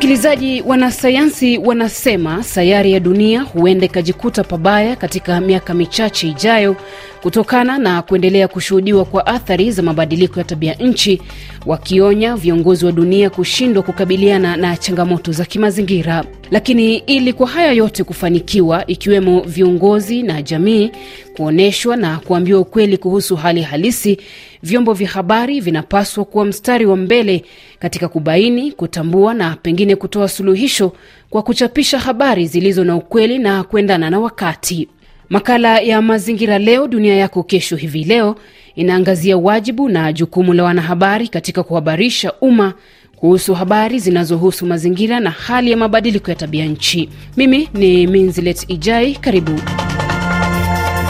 Msikilizaji, wanasayansi wanasema sayari ya dunia huenda ikajikuta pabaya katika miaka michache ijayo kutokana na kuendelea kushuhudiwa kwa athari za mabadiliko ya tabia nchi, wakionya viongozi wa dunia kushindwa kukabiliana na changamoto za kimazingira. Lakini ili kwa haya yote kufanikiwa, ikiwemo viongozi na jamii kuonyeshwa na kuambiwa ukweli kuhusu hali halisi, vyombo vya habari vinapaswa kuwa mstari wa mbele katika kubaini, kutambua na pengine kutoa suluhisho kwa kuchapisha habari zilizo na ukweli na kuendana na wakati. Makala ya Mazingira Leo Dunia Yako Kesho hivi leo inaangazia wajibu na jukumu la wanahabari katika kuhabarisha umma kuhusu habari zinazohusu mazingira na hali ya mabadiliko ya tabia nchi. Mimi ni Minzilet Ijai, karibu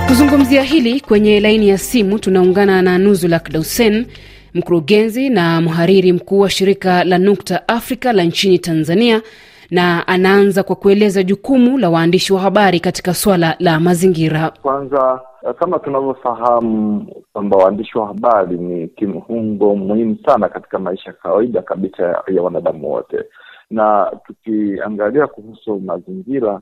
kuzungumzia hili. Kwenye laini ya simu tunaungana na Nuzulak Dausen, mkurugenzi na mhariri mkuu wa shirika la Nukta africa la nchini Tanzania na anaanza kwa kueleza jukumu la waandishi wa habari katika swala la mazingira. Kwanza, eh, kama tunavyofahamu kwamba waandishi wa habari ni kiungo muhimu sana katika maisha ya kawaida kabisa ya wanadamu wote, na tukiangalia kuhusu mazingira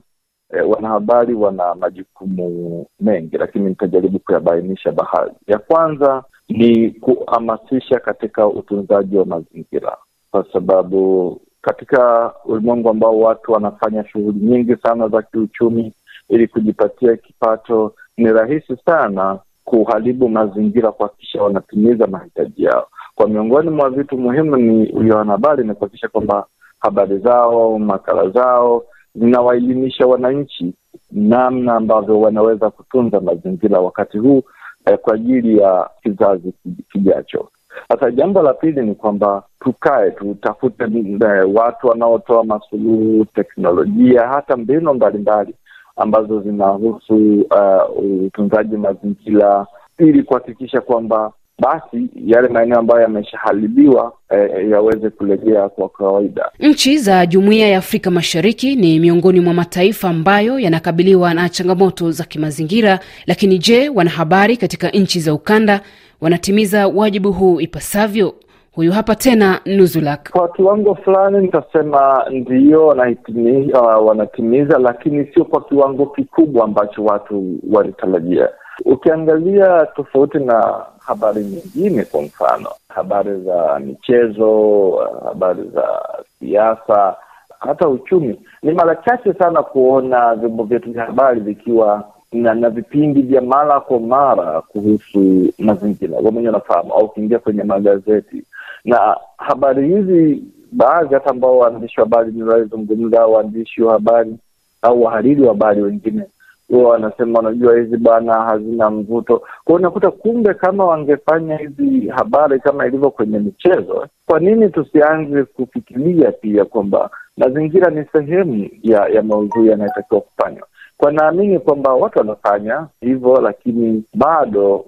E, wanahabari wana majukumu mengi, lakini nitajaribu kuyabainisha baadhi. Ya kwanza ni kuhamasisha katika utunzaji wa mazingira, kwa sababu katika ulimwengu ambao watu wanafanya shughuli nyingi sana za kiuchumi ili kujipatia kipato, ni rahisi sana kuharibu mazingira kuhakikisha wanatimiza mahitaji yao. Kwa miongoni mwa vitu muhimu ni wanahabari ni kuhakikisha kwamba habari zao, makala zao zinawaelimisha wananchi namna ambavyo wanaweza kutunza mazingira wakati huu eh, kwa ajili ya kizazi kijacho. Sasa jambo la pili ni kwamba tukae tutafute eh, watu wanaotoa masuluhu, teknolojia, hata mbinu mbalimbali ambazo zinahusu eh, utunzaji mazingira ili kuhakikisha kwamba basi yale maeneo ambayo yameshaharibiwa e, yaweze kulegea kwa kawaida. Nchi za Jumuiya ya Afrika Mashariki ni miongoni mwa mataifa ambayo yanakabiliwa na changamoto za kimazingira, lakini je, wanahabari katika nchi za ukanda wanatimiza wajibu huu ipasavyo? Huyu hapa tena Nuzulak. Kwa kiwango fulani nitasema ndiyo wanatimiza, uh, wanatimiza, lakini sio kwa kiwango kikubwa ambacho watu walitarajia. Ukiangalia tofauti na habari nyingine, kwa mfano habari za michezo, habari za siasa, hata uchumi, ni mara chache sana kuona vyombo vyetu vya habari vikiwa na, na vipindi vya mara kwa mara kuhusu mazingira. Wewe mwenyewe unafahamu, au ukiingia kwenye magazeti na habari hizi, baadhi hata ambao waandishi wa habari niliwazungumza, waandishi wa habari au wahariri wa habari wengine huwa wanasema wanajua hizi bana hazina mvuto. kwao unakuta kumbe, kama wangefanya hizi habari kama ilivyo kwenye michezo, kwa nini tusianze kufikiria pia kwamba mazingira ni sehemu ya, ya maudhui yanayotakiwa kufanywa? kwa naamini kwamba watu wanafanya hivyo, lakini bado uh,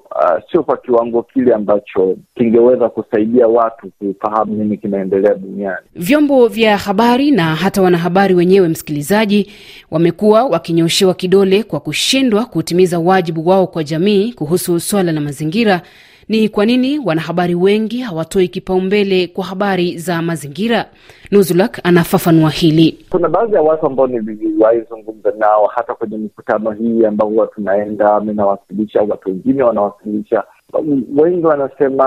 sio kwa kiwango kile ambacho kingeweza kusaidia watu kufahamu nini kinaendelea duniani. Vyombo vya habari na hata wanahabari wenyewe, msikilizaji, wamekuwa wakinyoshewa kidole kwa kushindwa kutimiza wajibu wao kwa jamii kuhusu swala la mazingira ni kwa nini wanahabari wengi hawatoi kipaumbele kwa habari za mazingira? Nuzulak anafafanua hili. Kuna baadhi ya watu ambao niliwaizungumza zungumza nao hata kwenye mikutano hii ambao huwa tunaenda, minawasilisha watu wengine wanawasilisha wengi wanasema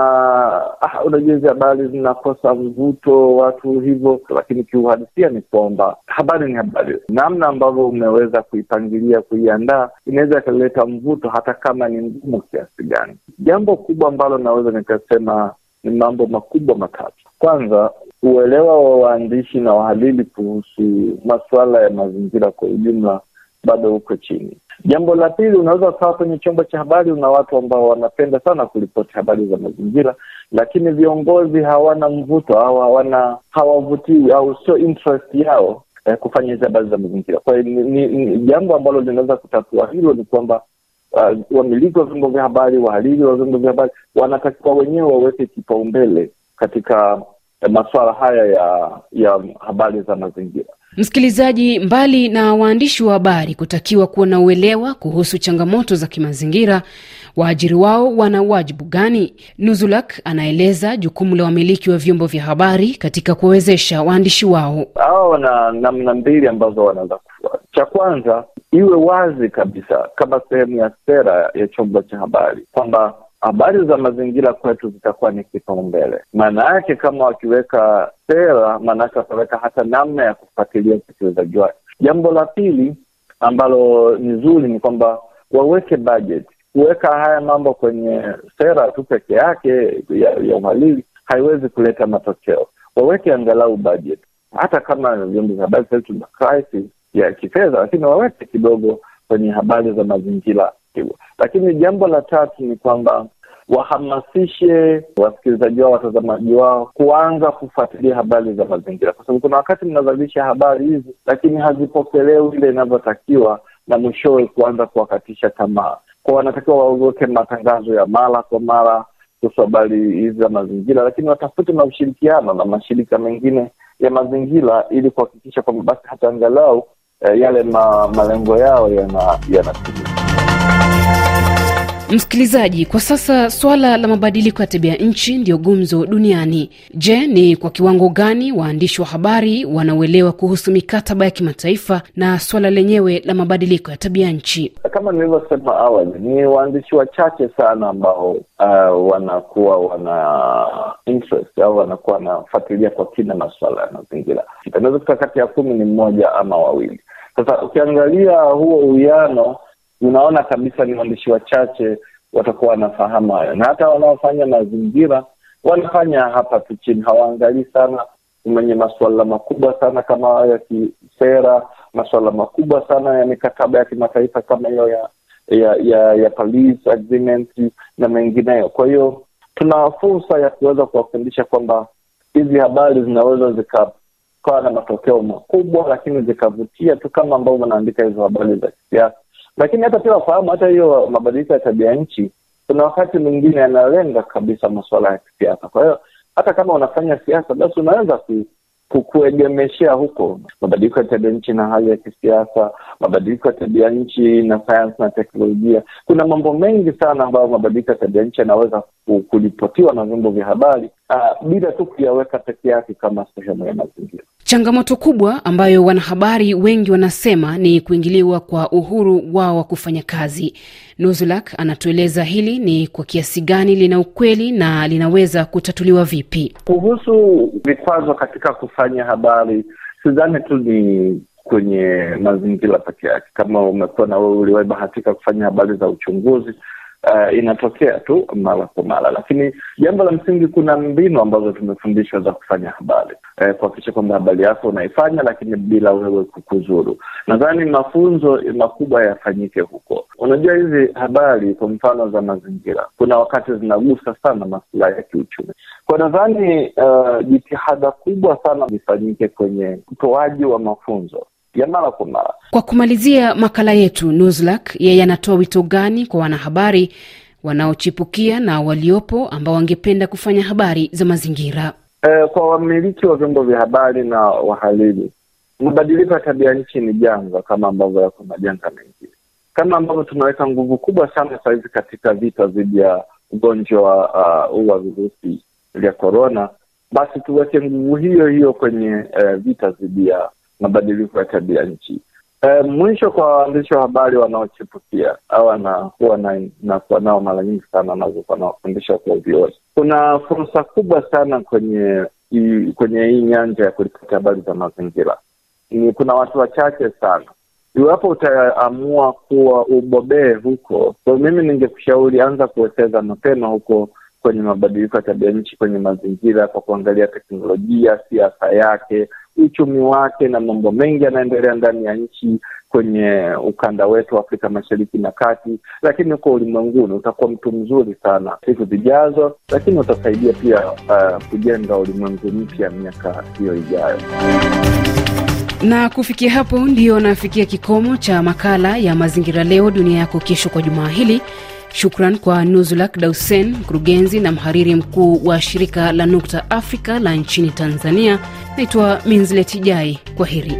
ah, unajua hizi habari zinakosa mvuto watu hivyo, lakini kiuhalisia ni kwamba habari ni habari. Namna ambavyo umeweza kuipangilia, kuiandaa, inaweza ikaleta mvuto hata kama ni ngumu kiasi gani. Jambo kubwa ambalo naweza nikasema ni mambo makubwa matatu. Kwanza, uelewa wa waandishi na wahalili kuhusu masuala ya mazingira kwa ujumla bado uko chini. Jambo la pili, unaweza ukawa kwenye chombo cha habari, una watu ambao wanapenda sana kuripoti habari za mazingira, lakini viongozi hawana mvuto, hawana hawavutii, au sio interest yao eh, kufanya hizi habari za mazingira. Kwa hiyo ni jambo ambalo linaweza kutatua hilo, ni kwamba uh, wamiliki wa vyombo vya habari, wahariri wa vyombo vya habari wanatakiwa wenyewe waweke kipaumbele katika eh, masuala haya ya ya habari za mazingira. Msikilizaji, mbali na waandishi wa habari kutakiwa kuwa na uelewa kuhusu changamoto za kimazingira, waajiri wao wana wajibu gani? Nuzulak anaeleza jukumu la wamiliki wa vyombo vya habari katika kuwawezesha waandishi wao. hawa wana namna mbili ambazo wanaweza kufuata. Cha kwanza, iwe wazi kabisa kama sehemu ya sera ya chombo cha habari kwamba habari za mazingira kwetu zitakuwa ni kipaumbele. Maana yake kama wakiweka sera, maanaake wataweka hata namna ya kufuatilia utekelezaji wake. Jambo la pili ambalo ni zuri ni kwamba waweke bajeti. Kuweka haya mambo kwenye sera tu peke yake ya, ya uhalili haiwezi kuleta matokeo. Waweke angalau bajeti, hata kama vyombo vya habari sasa tuna crisis ya kifedha, lakini waweke kidogo kwenye habari za mazingira. Lakini jambo la tatu ni kwamba wahamasishe wasikilizaji wao, watazamaji wao kuanza kufuatilia habari za mazingira, kwa sababu kuna wakati mnazalisha habari hizi, lakini hazipokelewi ile inavyotakiwa, na mwishowe kuanza kuwakatisha tamaa. Kwa wanatakiwa waweke matangazo ya mara kwa mara kuhusu habari hizi za mazingira, lakini watafute na ushirikiano na mashirika mengine ya mazingira ili kuhakikisha kwamba basi hata angalau eh, yale ma, malengo yao yanatimia. Msikilizaji, kwa sasa swala la mabadiliko ya tabia nchi ndiyo gumzo duniani. Je, ni kwa kiwango gani waandishi wa habari wanauelewa kuhusu mikataba ya kimataifa na swala lenyewe la mabadiliko ya tabia nchi? Kama nilivyosema awali, ni waandishi wachache sana ambao uh, wanakuwa wana interest au wanakuwa wanafuatilia kwa kina maswala ya mazingira. Inaweza kuta kati ya kumi ni mmoja ama wawili. Sasa ukiangalia huo uwiano unaona kabisa ni waandishi wachache watakuwa wanafahamu hayo, na hata wanaofanya mazingira wanafanya hapa tu chini, hawaangalii sana mwenye masuala makubwa sana kama hayo ya kisera, masuala makubwa sana ya mikataba ya kimataifa kama hiyo ya ya ya, ya Paris Agreement na mengineyo. Kwa hiyo tuna fursa ya kuweza kuwafundisha kwamba hizi habari zinaweza zikakawa na matokeo makubwa, lakini zikavutia tu kama ambao wanaandika hizo habari za kisiasa lakini hata pia wafahamu hata hiyo mabadiliko ya tabia nchi, kuna wakati mwingine yanalenga kabisa masuala ya kisiasa. Kwa hiyo hata kama unafanya siasa, basi unaweza kuegemeshea kukuegemeshea huko mabadiliko ya tabia nchi na hali ya kisiasa, mabadiliko ya tabia nchi na sayansi na teknolojia. Kuna mambo mengi sana ambayo mabadiliko ya tabia nchi yanaweza kuripotiwa na vyombo vya habari ah, bila tu kuyaweka peke yake kama sehemu ya mazingira. Changamoto kubwa ambayo wanahabari wengi wanasema ni kuingiliwa kwa uhuru wao wa kufanya kazi. Nuzulak anatueleza hili ni kwa kiasi gani lina ukweli na linaweza kutatuliwa vipi. Kuhusu vikwazo katika kufanya habari, sidhani tu ni kwenye mazingira peke yake. Kama umekuwa na wewe uliwahi bahatika kufanya habari za uchunguzi uh, inatokea tu mara kwa mara, lakini jambo la msingi, kuna mbinu ambazo tumefundishwa za kufanya habari eh, kuhakikisha kwamba habari yako unaifanya, lakini bila wewe kukuzuru. Nadhani mafunzo makubwa yafanyike huko. Unajua, hizi habari kwa mfano za mazingira, kuna wakati zinagusa sana masuala ya kiuchumi. Kwa nadhani uh, jitihada kubwa sana zifanyike kwenye utoaji wa mafunzo ya mara kwa mara. Kwa kumalizia makala yetu, nuslak yeye anatoa wito gani kwa wanahabari wanaochipukia na waliopo ambao wangependa kufanya habari za mazingira? E, kwa wamiliki wa vyombo vya habari na wahalili mabadiliko ya tabia nchi ni janga kama ambavyo yako majanga mengine, kama ambavyo tunaweka nguvu kubwa sana sahizi katika vita dhidi ya ugonjwa uh, huu wa uh, virusi vya korona, basi tuweke nguvu hiyo hiyo kwenye uh, vita dhidi ya mabadiliko ya tabia nchi. E, mwisho kwa waandishi wa habari wanaochipukia au wanakuwa nakuwa nao mara nyingi sana wanawafundisha kwa viongozi, kuna fursa kubwa sana kwenye i, kwenye hii nyanja ya kuripoti habari za mazingira. Ni kuna watu wachache sana iwapo utaamua kuwa ubobee huko, so mimi ningekushauri anza kuwekeza mapema huko kwenye mabadiliko ya tabia nchi, kwenye mazingira, kwa kuangalia teknolojia, siasa yake uchumi wake na mambo mengi yanaendelea ndani ya nchi kwenye ukanda wetu wa Afrika Mashariki na Kati, lakini huko ulimwenguni. Utakuwa mtu mzuri sana siku zijazo, lakini utasaidia pia uh, kujenga ulimwengu mpya miaka hiyo ijayo. Na kufikia hapo, ndiyo nafikia kikomo cha makala ya mazingira leo dunia yako kesho kwa jumaa hili. Shukran kwa Nuzulak Dausen, mkurugenzi na mhariri mkuu wa shirika la Nukta Afrika la nchini Tanzania. Naitwa Minzileti Jai, kwa heri.